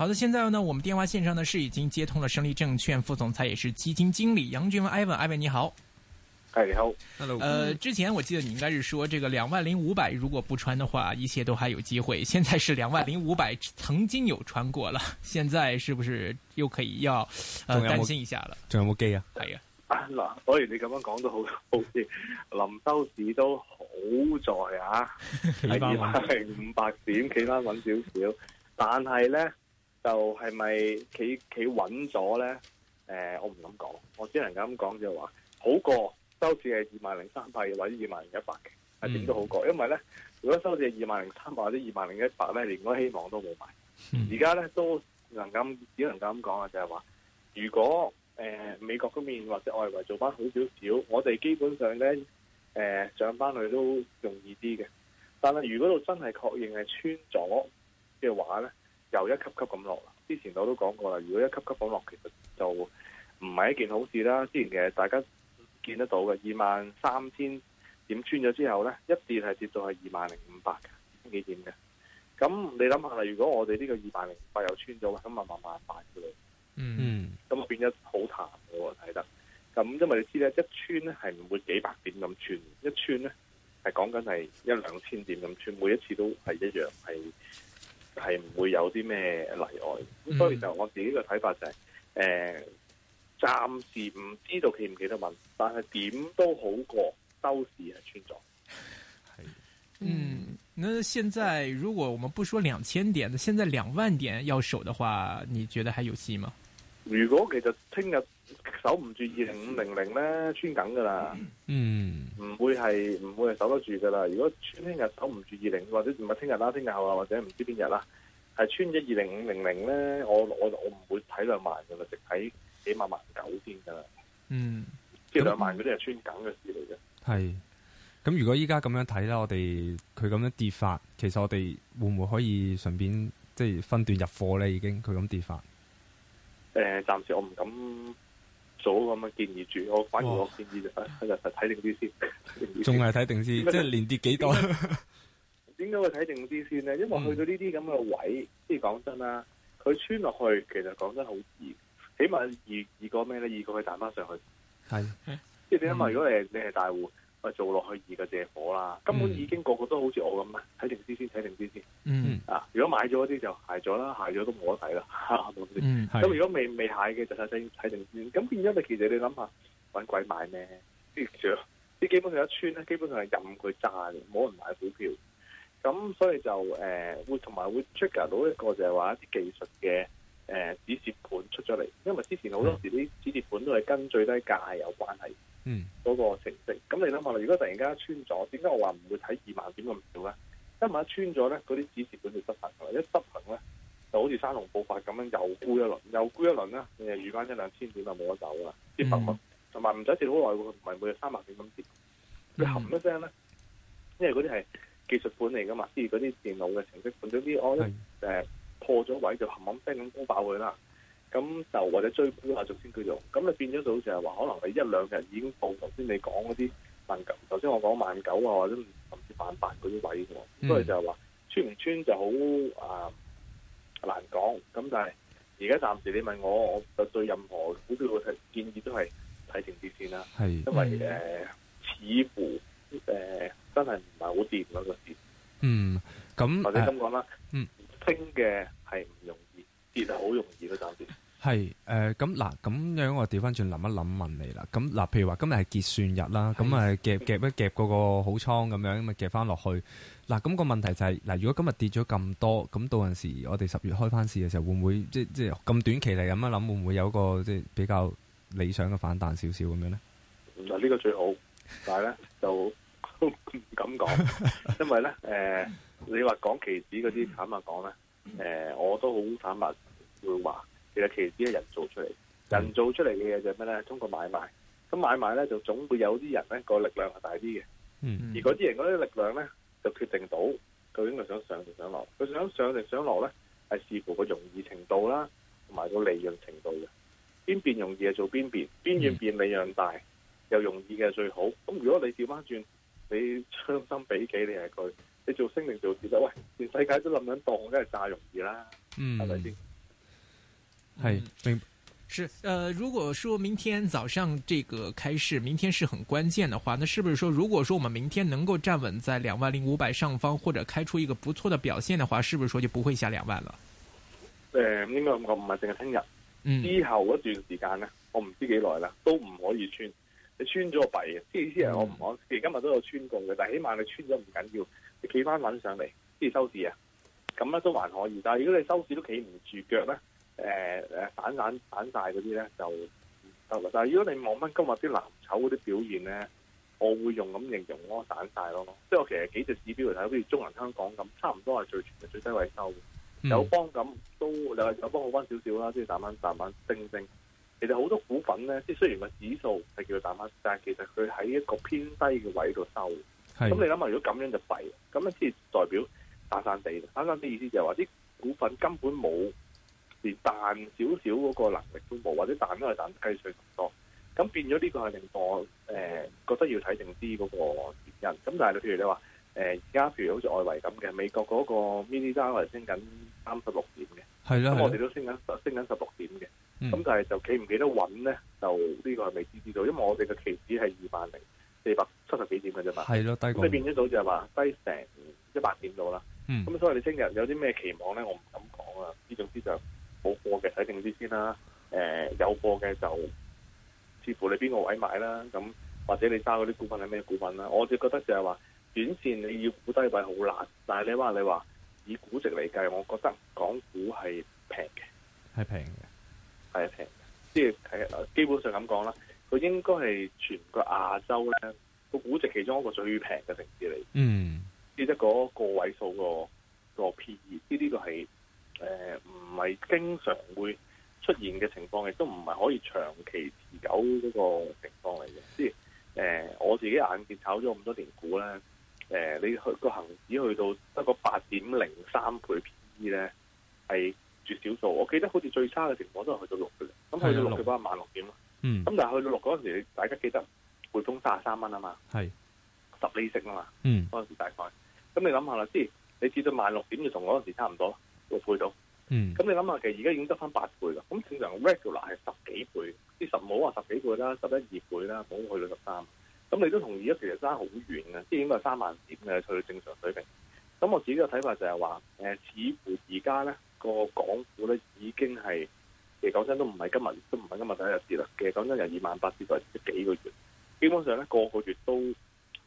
好的，現在呢，我們電話線上呢是已經接通了。勝利證券副總裁也是基金經理楊俊文，Ivan，Ivan 你好。哎你好，Hello, Hello.。呃，之前我記得你應該是說這個兩萬零五百，如果不穿的話，一切都還有機會。現在是兩萬零五百，曾經有穿過了，現在是不是又可以要，呃，有有擔心一下了？仲有冇機啊？係、哎、啊。嗱，雖然你咁樣講都好，好似臨收市都好在啊，二萬零五百點企翻穩少少，但係咧。就係咪企企穩咗咧？誒、呃，我唔敢講，我只能夠咁講就話好過收市係二萬零三百或者二萬零一百嘅，係點都好過。因為咧，如果收市係二萬零三百或者二萬零一百咧，連個希望都冇埋。而家咧都能咁只能夠咁講啊，就係話如果誒、呃、美國嗰邊或者外圍做翻好少少，我哋基本上咧誒上翻去都容易啲嘅。但係如果度真係確認係穿咗嘅話咧？又一級級咁落啦！之前我都講過啦，如果一級級咁落，其實就唔係一件好事啦。之前嘅大家見得到嘅二萬三千點穿咗之後咧，一跌係跌到係二萬零五百嘅幾點嘅。咁你諗下啦，如果我哋呢個二萬零五百又穿咗，咁慢慢慢賣嘅嚟。嗯。咁變咗好淡嘅喎，睇得。咁因為你知咧，一穿咧係唔會幾百點咁穿，一穿咧係講緊係一兩千點咁穿，每一次都係一樣係。是係唔會有啲咩例外咁、嗯，所以就我自己嘅睇法就係、是，誒、呃，暫時唔知道企唔企得穩，但係點都好過收市啊，穿咗。嗯，那現在如果我們不說兩千點，那現在兩萬點要守的話，你覺得還有戲嗎？如果其實聽日守唔住二零五零零咧，穿緊噶啦，唔、嗯、會係唔會係守得住噶啦。如果穿聽日守唔住二零，或者唔係聽日啦，聽日後啊，或者唔知邊日啦，係穿咗二零五零零咧，我我我唔會睇兩萬噶啦，直睇幾萬萬九先噶啦。嗯，即係兩萬嗰啲係穿緊嘅事嚟嘅。係、嗯、咁、嗯、如果依家咁樣睇咧，我哋佢咁樣跌法，其實我哋會唔會可以順便即係、即係、分段入貨咧？已經佢咁跌法。誒，暫時我唔敢早咁嘅建議住，我反而我建議就睇定啲先，仲係睇定啲，即係連跌幾多。點解會睇定啲先咧？因為去到呢啲咁嘅位，即係講真啦，佢穿落去其實講真好易，起碼易過咩咧？易過去彈翻上去，係即係點啊？因為如果你你係大戶。做落去二個借火啦，根本已經個個都好似我咁啦，睇定啲先睇定啲先。嗯啊，如果買咗嗰啲就蟹咗啦，蟹咗都冇得睇啦。咁、 嗯、如果未未蟹嘅就睇睇定先。咁變咗你其實你諗下，揾鬼買咩？啲嘢，啲基本上一穿咧，基本上係任佢炸嘅，冇人買股票。咁所以就誒、呃、會同埋會 trigger 到一個就係話一啲技術嘅誒止蝕盤出咗嚟，因為之前好多時啲止蝕盤都係跟最低價係有關係。嗯，嗰、那個程式，咁你諗下如果突然間穿咗，點解我話唔會睇二萬點咁少咧？因為一穿咗咧，嗰啲指示盤就失衡，同一失衡咧，就好似山龍暴發咁樣又沽一輪，又沽一輪咧，你又預翻一兩千點就冇得走啦。啲頻率同埋唔使跌好耐，佢唔係每日三萬點咁跌，佢、嗯、冚一聲咧，因為嗰啲係技術盤嚟噶嘛，啲嗰啲電腦嘅程式盤嗰啲，我咧誒破咗位就冚冚聲咁沽爆佢啦。咁就或者追沽下，仲先叫做咁，咪變咗到時係話，可能你一兩日已經報頭先你講嗰啲萬九，頭先我講萬九啊，或者甚至萬八嗰啲位嘅，所、嗯、以就係、是、話穿唔穿就好啊難講。咁但係而家暫時你問我，我就對任何股票嘅建議都係睇政治先啦。係，因為誒、嗯呃，似乎誒、呃、真係唔係好掂嗰個市。嗯，咁或者咁講啦。嗯，升嘅係唔容易，跌係好容易咯，暫時。係，誒咁嗱，咁樣我調翻轉諗一諗問你啦。咁嗱，譬如話今日係結算日啦，咁咪夾夾一夾嗰個好倉咁樣，咪夾翻落去。嗱，咁、個問題就係，嗱，如果今日跌咗咁多，咁到陣時我哋十月開翻市嘅時候會唔會，會唔會即即咁短期嚟咁樣諗，想一想會唔會有個個即比較理想嘅反彈少少咁樣咧？嗱，呢個最好，但係咧就唔敢講， 因為咧誒、呃，你話講期指嗰啲坦白講咧，誒、呃、我都好坦白會話其實其實只係人做出嚟，人做出嚟嘅嘢就係咩咧？通過買賣，咁買賣咧就總會有啲人咧個力量係大啲嘅，嗯嗯，而嗰啲人嗰啲力量咧就決定到究竟佢想上定上落。佢想上定上落咧係視乎個容易程度啦，同埋個利潤程度嘅。邊邊容易就做邊邊，邊越變利潤大又容易嘅最好。咁、嗯、如果你調翻轉，你將心比己，你係佢，你做升定做跌咧？喂，全世界都咁樣當，梗係炸容易啦，係咪先？看看係，是，呃，如果說明天早上這個開市，明天是很關鍵的話，那是不是說，如果說我們明天能夠站穩在兩萬零五百上方或者開出一個不錯的表現的話，是不是說就不會下兩萬了？誒、呃，應該咁講唔係淨係聽日，之後一段時間呢，我唔知幾耐啦，都唔可以穿。你穿咗個幣，即係意思係我我其實今日都有穿共嘅，但係起碼你穿咗唔緊要，你企翻穩上嚟即係收市啊。咁咧都還可以，但係如果你收市都企唔住腳咧。誒、呃、誒，散散散晒嗰啲咧就得啦。但係如果你望翻今日啲藍籌嗰啲表現咧，我會用咁形容，我散散咯，散晒咯。即係我其實幾隻指標嚟睇，好似中銀香港咁，差唔多係最全嘅最低位收，嗯。友邦咁都又係友邦好翻少少啦，即係彈翻彈翻升升。其實好多股份咧，即係雖然個指數係叫佢彈翻，但係其實佢喺一個偏低嘅位度收。咁你諗下，如果咁樣就弊。咁咧即代表散散地。散散啲意思就係話啲股份根本冇，連賺少少嗰個能力都冇，或者賺都係賺得雞碎咁多，咁變咗呢個係令我誒、呃、覺得要睇定啲嗰個原因。咁但係你譬如你話誒，而、呃、家譬如好似外圍咁嘅美國嗰個 mini Dow 升緊三十六點嘅，係啦，咁我哋都升緊升緊十六點嘅，咁但係就企唔企得穩咧？就呢個係未知之數，因為我哋嘅期指係二萬零四百七十幾點嘅啫嘛，係咯，低咁所以變咗到就話低成一百點到啦。咁、嗯、所以你聽日有啲咩期望咧，我唔敢講啊。總之就冇貨嘅睇定啲先啦。誒、呃、有貨嘅就，似乎你邊個位買啦，咁或者你揸嗰啲股份係咩股份啦。我就覺得就係話，短線你要估低位好難，但係你話你話以估值嚟計，我覺得港股係平嘅，係平嘅，係平嘅，即係睇基本上咁講啦，佢應該係全個亞洲咧個估值其中一個最平嘅城市嚟，嗯，即得嗰個位數個、嗰個 P E，呢啲個係。誒、呃，唔係經常會出現嘅情況，亦都唔係可以長期持久嗰個情況嚟嘅。即係，誒，我自己眼見炒咗咁多年股咧，誒、呃，你去個恆指去到得個八點零三倍 P/E 咧，係絕少數。我記得好似最差嘅情況都係去到六嘅，咁去到六嘅話萬六點。咯。咁但係去到六嗰陣時，你大家記得匯豐卅三蚊啊嘛，係十厘息啊嘛。嗯。嗰時大概，咁你諗下啦，即係你至到萬六點就，就同嗰陣時差唔多。六倍到，嗯，咁你諗下，其實而家已經得翻八倍噶，咁正常 regular 係十幾倍，即係十，唔好話十幾倍啦，十一二倍啦，冇去到十三。咁你都同意，而家其實差好遠啊，即係起碼三萬點去到正常水平。咁我自己嘅睇法就係話，誒、呃，似乎而家咧個港股咧已經係，其實講真都唔係今日，都唔係今日第一日跌啦，其實講真由二萬八跌到嚟幾幾個月，基本上咧個個月都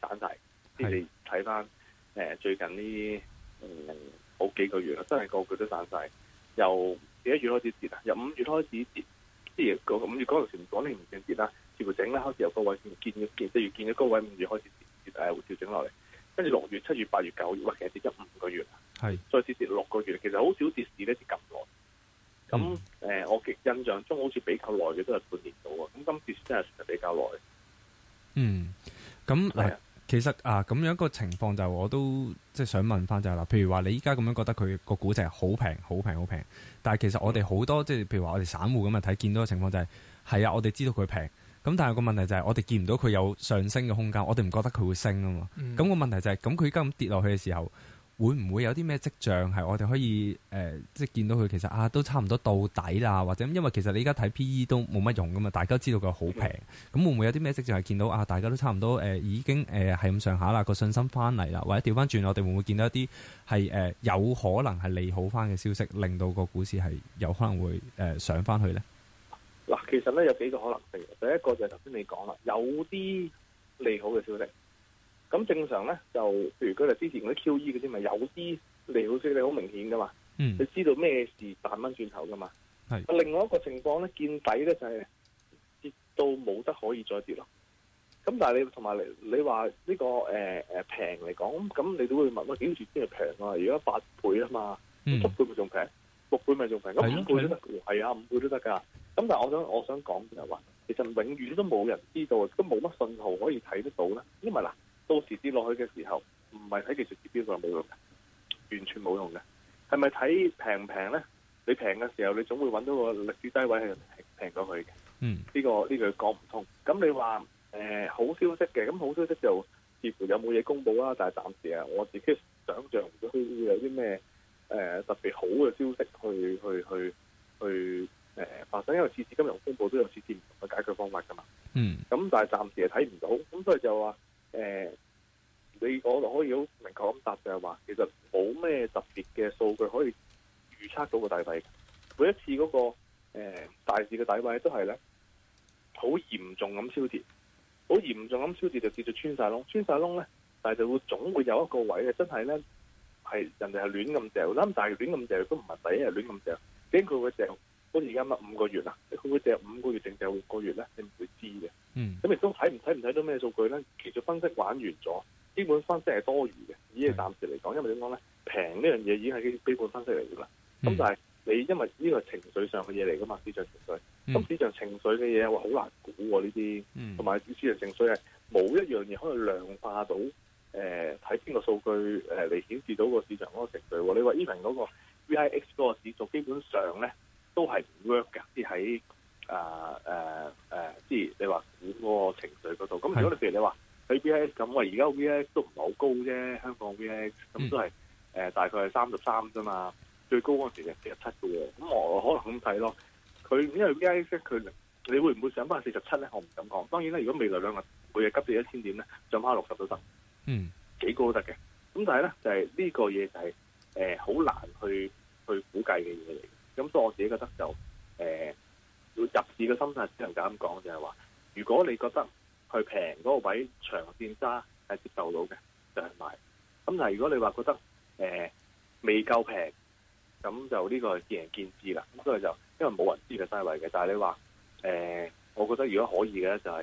減晒，即係睇翻誒最近呢嗯。好幾個月啦，真係個個都散晒。由幾月開始跌啊？由五月開始跌，即係個五月嗰段時間講你唔見跌啦，調整啦，開始由高位見見四月見咗高位，五月開始跌，誒、那個，調整落嚟。跟住六月、七月、八月、九月，哇，其實跌咗五個月。係再跌跌六個月，其實好少跌市咧跌咁耐。咁誒、嗯欸，我印象中好似比較耐嘅都係半年到啊。咁今次真係算係比較耐。嗯，咁係。其實啊，咁樣一個情況就係、我都即係想問翻就係啦，譬如話你依家咁樣覺得佢個估值好平、好平、好平，但係其實我哋好多即係、嗯、譬如話我哋散戶咁樣睇見到嘅情況就係、係、係啊，我哋知道佢平，咁但係個問題就係我哋見唔到佢有上升嘅空間，我哋唔覺得佢會升啊嘛。咁、嗯、個問題就係咁佢依家咁跌落去嘅時候。會唔會有啲咩跡象係我哋可以、呃、即係見到佢其實啊，都差唔多到底啦，或者因為其實你而家睇 PE 都冇乜用㗎嘛，大家知道佢好平，咁、嗯、會唔會有啲咩跡象係見到啊，大家都差唔多、呃、已經誒係咁上下啦，個信心翻嚟啦，或者調翻轉，我哋會唔會見到一啲係、呃、有可能係利好翻嘅消息，令到個股市係有可能會、呃、上翻去呢？嗱，其實咧有幾個可能性。第一個就係頭先你講啦，有啲利好嘅消息。.咁正常咧，就譬如佢哋之前嗰啲 QE 嗰啲咪有啲利好消息，好明顯噶嘛，佢、嗯、知道咩事彈返轉頭噶嘛。係另外一個情況咧，見底咧就係、是、跌到冇得可以再跌咯。咁但係你同埋你你話呢個誒誒平嚟講，咁你都會問喂，幾時先係平啊？如果八倍啊嘛、嗯倍不倍不五倍，五倍咪仲平，六倍咪仲平，咁五倍都得，係啊，五倍都得㗎。咁但係我想我想講就係話，其實永遠都冇人知道，都冇乜信號可以睇得到啦。因為嗱。到時跌落去嘅時候，唔係睇技術指標上冇用嘅，完全冇用嘅。係咪睇平唔平咧？你平嘅時候，你總會揾到個歷史低位係平平咗去嘅。嗯、呢、這個呢句講唔通。咁你話誒、呃、好消息嘅，咁好消息就似乎有冇嘢公布啦。但係暫時啊，我自己想象唔到有啲咩誒特別好嘅消息去去去去誒、呃、發生。因為次次金融風暴都有次次唔同嘅解決方法噶嘛。嗯。咁但係暫時係睇唔到，咁所以就話。誒、呃，你我可以好明確咁答、就是，就係話其實冇咩特別嘅數據可以預測到個底位。每一次嗰、那個誒、呃、大市嘅底位都係咧好嚴重咁超跌，好嚴重咁超跌就叫做穿晒窿，穿晒窿咧，但係就會總會有一個位嘅，真係咧係人哋係亂咁掉，咁但係亂咁掉都唔係第一日亂咁掉，經佢會掉。咁而家咪五個月啦，佢會淨係五個月定淨係六個月咧？你唔會知嘅。咁亦都睇唔睇唔睇到咩數據咧？技術分析玩完咗，基本分析係多餘嘅，只係暫時嚟講。因為點講咧？平呢樣嘢已經係基本分析嚟嘅啦。咁、嗯、但係你因為呢個情緒上嘅嘢嚟噶嘛，市場情緒。咁、嗯、市場情緒嘅嘢、啊，我好難估喎呢啲。同埋市場情緒係冇一樣嘢可以量化到。誒、呃，睇邊個數據誒嚟顯示到個市場嗰個情緒？你話 Even 嗰個 VIX 嗰個指數，基本上咧，都係唔 work 嘅，即喺誒誒誒，即、呃、係、呃呃、你話估嗰個情緒嗰度。咁如果你譬如你話喺 V I S，咁我而家 V I S 都唔係好高啫，香港 V I S 咁都係誒、呃、大概係三十三啫嘛。最高嗰時係四十七嘅，咁我可能咁睇咯。佢因為 V I S 佢你會唔會上翻四十七咧？我唔敢講。當然啦，如果未來兩日每日急跌一千點咧，上翻六十都得，嗯，幾高都得嘅。咁但係咧，就係、是、呢個嘢就係誒好難去去估計嘅嘢嚟。咁、嗯、所以我自己覺得就誒要、呃、入市嘅心態，只能夠咁講，就係、是、話，如果你覺得佢平嗰個位長線揸係接受到嘅，就去、是、買。咁但係如果你話覺得誒、呃、未夠平，咁就呢個係見仁見智啦。咁所以就因為冇人知佢低位嘅，但係你話誒、呃，我覺得如果可以嘅咧，就係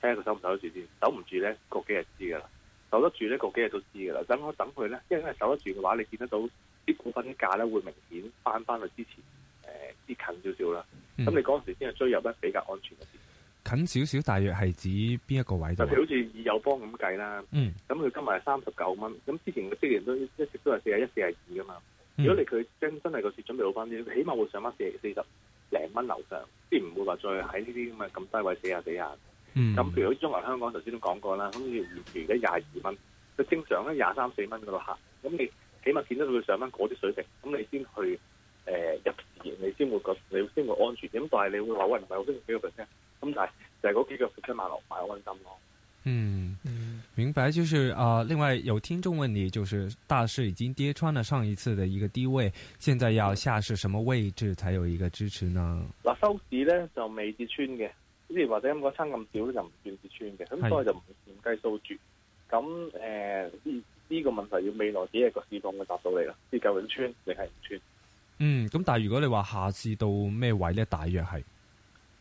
睇下佢守唔守得住先。守唔住咧，個幾日知噶啦；守得住咧，個幾日都知噶啦。等我等佢咧，因為，因為守得住嘅話，你見得到。啲股份的價咧會明顯翻翻去之前誒啲、呃、近少少啦，咁、嗯、你嗰陣時先去追入咧比較安全一啲。近少少，大約係指邊一個位度？就係好似以友邦咁計啦。嗯，咁佢今日係三十九蚊，咁之前嘅職員都一直都係四廿一、四廿二噶嘛。如果你佢真真係個市準備好翻啲，起碼會上翻四四十零蚊樓上，即係唔會話再喺呢啲咁啊咁低位四廿幾呀。嗯，咁譬如好似中銀香港頭先都講過啦，咁要延完而家廿二蚊，佢正常咧廿三四蚊嗰度行，咁你。起碼見到佢上返嗰啲水平，咁你先去誒、呃、入市，你先會覺你先會安全。咁但係你會話喂，唔係好清楚幾個 percent，咁但係就係嗰幾個 percent 買落買安心咯。嗯，明白。就是啊、呃，另外有聽眾問你，就是大市已經跌穿了上一次的一個低位，現在要下市什麼位置才有一個支持呢？嗱、嗯、呃，收市咧就未跌穿嘅，即係或者咁個差咁少就唔算跌穿嘅，咁所以就唔計收住。咁誒、呃嗯呢、這個問題要未來只一個市況去答到你咯，即究竟穿，定係唔穿？嗯，咁但係如果你話下次到咩位咧，大約係？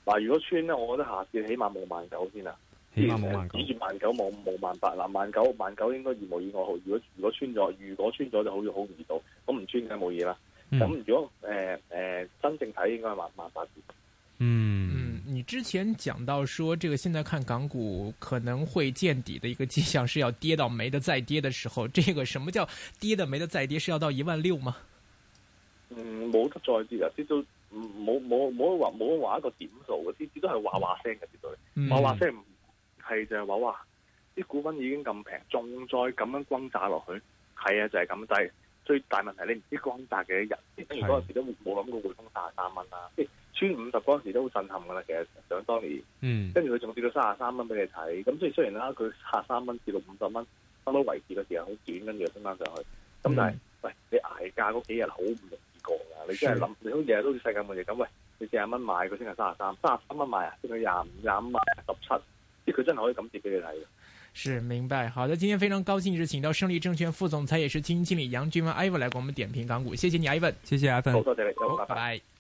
嗱，如果穿咧，我覺得下次起碼冇萬九先啦，起碼冇萬九。萬九，冇，冇萬八，嗱，萬九萬九應該如無意外號。如果如果穿咗，如果穿咗就好好易到，咁唔穿梗係冇嘢啦。咁、嗯、如果誒誒、呃呃、真正睇，應該萬萬八嗯。你之前講到說，這個現在看港股可能會見底的一個跡象，是要跌到沒得再跌的時候。這個什麼叫跌到沒得再跌？是要到一萬六嗎？嗯，冇得再跌啊！啲都冇冇冇話冇話一個點數嘅，啲隻都係嘩嘩聲嘅之類，嘩嘩聲係就係嘩嘩，啲股份已經咁平，仲再咁樣轟炸落去，係啊，就係、是、咁低。最大問題你唔知轟炸嘅日，嗰陣時都冇諗過會衝卅三蚊啦。穿五十嗰時都好震撼噶啦，其實想當年，嗯、跟住佢仲跌到三十三蚊俾你睇，咁即係雖然啦，佢三十三蚊跌到五十蚊，差唔多維持個市好短，跟住升翻上去。咁、嗯、但係，喂，你挨價嗰幾日好唔容易過噶，你真係諗，你好似日日都好似世界末日咁，喂，你四十蚊買佢先係三十三，三十三蚊買啊，佢廿五、廿五買十七，即係佢真係可以咁跌俾你睇。是明白，好的，今天非常高興就請到勝利證券副總裁也是基金經理楊俊文 Ivan 來給我們點評港股，謝謝你 Ivan，謝謝 Ivan，好多謝，謝你，拜拜。Bye-bye. Bye-bye.